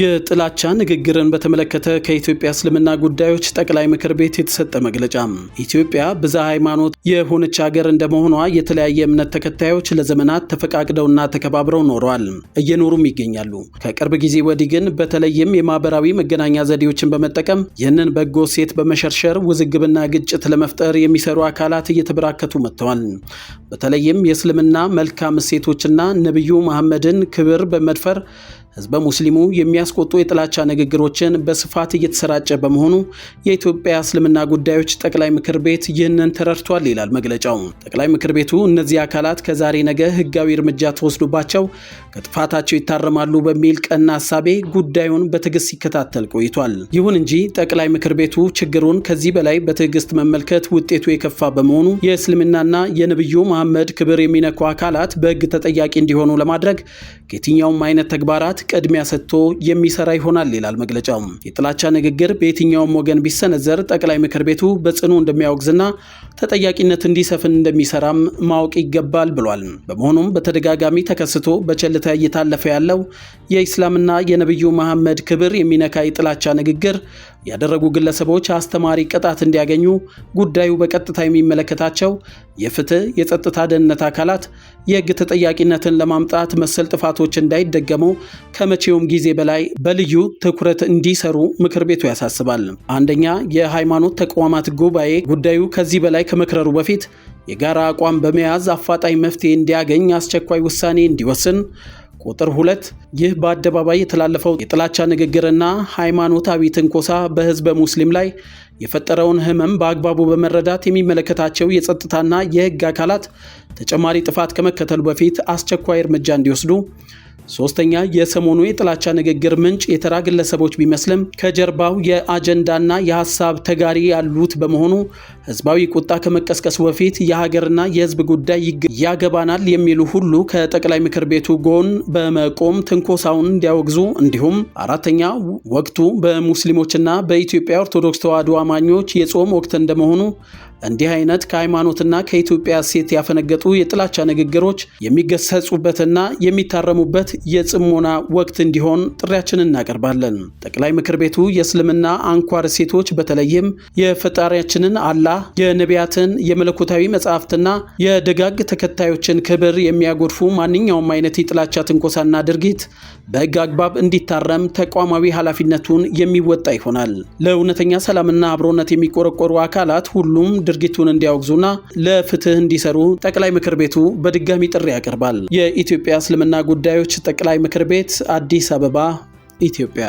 የጥላቻ ንግግርን በተመለከተ ከኢትዮጵያ እስልምና ጉዳዮች ጠቅላይ ምክር ቤት የተሰጠ መግለጫ። ኢትዮጵያ ብዝሃ ሃይማኖት የሆነች ሀገር እንደመሆኗ የተለያየ እምነት ተከታዮች ለዘመናት ተፈቃቅደውና ተከባብረው ኖረዋል፣ እየኖሩም ይገኛሉ። ከቅርብ ጊዜ ወዲህ ግን በተለይም የማህበራዊ መገናኛ ዘዴዎችን በመጠቀም ይህንን በጎ ሴት በመሸርሸር ውዝግብና ግጭት ለመፍጠር የሚሰሩ አካላት እየተበራከቱ መጥተዋል። በተለይም የእስልምና መልካም እሴቶችና ነቢዩ መሐመድን ክብር በመድፈር ህዝበ ሙስሊሙ የሚያስቆጡ የጥላቻ ንግግሮችን በስፋት እየተሰራጨ በመሆኑ የኢትዮጵያ እስልምና ጉዳዮች ጠቅላይ ምክር ቤት ይህንን ተረድቷል ይላል መግለጫው። ጠቅላይ ምክር ቤቱ እነዚህ አካላት ከዛሬ ነገ ህጋዊ እርምጃ ተወስዶባቸው ከጥፋታቸው ይታረማሉ በሚል ቀና ሀሳቤ ጉዳዩን በትዕግስት ሲከታተል ቆይቷል። ይሁን እንጂ ጠቅላይ ምክር ቤቱ ችግሩን ከዚህ በላይ በትዕግስት መመልከት ውጤቱ የከፋ በመሆኑ የእስልምናና የነብዩ መሐመድ ክብር የሚነኩ አካላት በህግ ተጠያቂ እንዲሆኑ ለማድረግ ከየትኛውም አይነት ተግባራት ቅድሚያ ሰጥቶ የሚሰራ ይሆናል ይላል መግለጫው። የጥላቻ ንግግር በየትኛውም ወገን ቢሰነዘር ጠቅላይ ምክር ቤቱ በጽኑ እንደሚያወግዝና ተጠያቂነት እንዲሰፍን እንደሚሰራም ማወቅ ይገባል ብሏል። በመሆኑም በተደጋጋሚ ተከስቶ በቸልታ እየታለፈ ያለው የኢስላምና የነቢዩ መሐመድ ክብር የሚነካ የጥላቻ ንግግር ያደረጉ ግለሰቦች አስተማሪ ቅጣት እንዲያገኙ ጉዳዩ በቀጥታ የሚመለከታቸው የፍትህ፣ የጸጥታ ደህንነት አካላት የህግ ተጠያቂነትን ለማምጣት መሰል ጥፋቶች እንዳይደገሙ ከመቼውም ጊዜ በላይ በልዩ ትኩረት እንዲሰሩ ምክር ቤቱ ያሳስባል። አንደኛ፣ የሃይማኖት ተቋማት ጉባኤ ጉዳዩ ከዚህ በላይ ከመክረሩ በፊት የጋራ አቋም በመያዝ አፋጣኝ መፍትሄ እንዲያገኝ አስቸኳይ ውሳኔ እንዲወስን ቁጥር ሁለት ይህ በአደባባይ የተላለፈው የጥላቻ ንግግርና ሃይማኖታዊ ትንኮሳ በህዝበ ሙስሊም ላይ የፈጠረውን ህመም በአግባቡ በመረዳት የሚመለከታቸው የጸጥታና የህግ አካላት ተጨማሪ ጥፋት ከመከተሉ በፊት አስቸኳይ እርምጃ እንዲወስዱ ሶስተኛ የሰሞኑ የጥላቻ ንግግር ምንጭ የተራ ግለሰቦች ቢመስልም ከጀርባው የአጀንዳና የሀሳብ ተጋሪ ያሉት በመሆኑ ህዝባዊ ቁጣ ከመቀስቀሱ በፊት የሀገርና የህዝብ ጉዳይ ያገባናል የሚሉ ሁሉ ከጠቅላይ ምክር ቤቱ ጎን በመቆም ትንኮሳውን እንዲያወግዙ፣ እንዲሁም አራተኛ ወቅቱ በሙስሊሞችና በኢትዮጵያ ኦርቶዶክስ ተዋሕዶ አማኞች የጾም ወቅት እንደመሆኑ እንዲህ አይነት ከሃይማኖትና ከኢትዮጵያ ሴት ያፈነገጡ የጥላቻ ንግግሮች የሚገሰጹበትና የሚታረሙበት የጽሞና ወቅት እንዲሆን ጥሪያችንን እናቀርባለን። ጠቅላይ ምክር ቤቱ የእስልምና አንኳር ሴቶች በተለይም የፈጣሪያችንን አላህ የነቢያትን የመለኮታዊ መጽሐፍትና የደጋግ ተከታዮችን ክብር የሚያጎድፉ ማንኛውም አይነት የጥላቻ ትንኮሳና ድርጊት በህግ አግባብ እንዲታረም ተቋማዊ ኃላፊነቱን የሚወጣ ይሆናል። ለእውነተኛ ሰላምና አብሮነት የሚቆረቆሩ አካላት ሁሉም ድርጊቱን እንዲያወግዙና ለፍትህ እንዲሰሩ ጠቅላይ ምክር ቤቱ በድጋሚ ጥሪ ያቀርባል። የኢትዮጵያ እስልምና ጉዳዮች ጠቅላይ ምክር ቤት አዲስ አበባ ኢትዮጵያ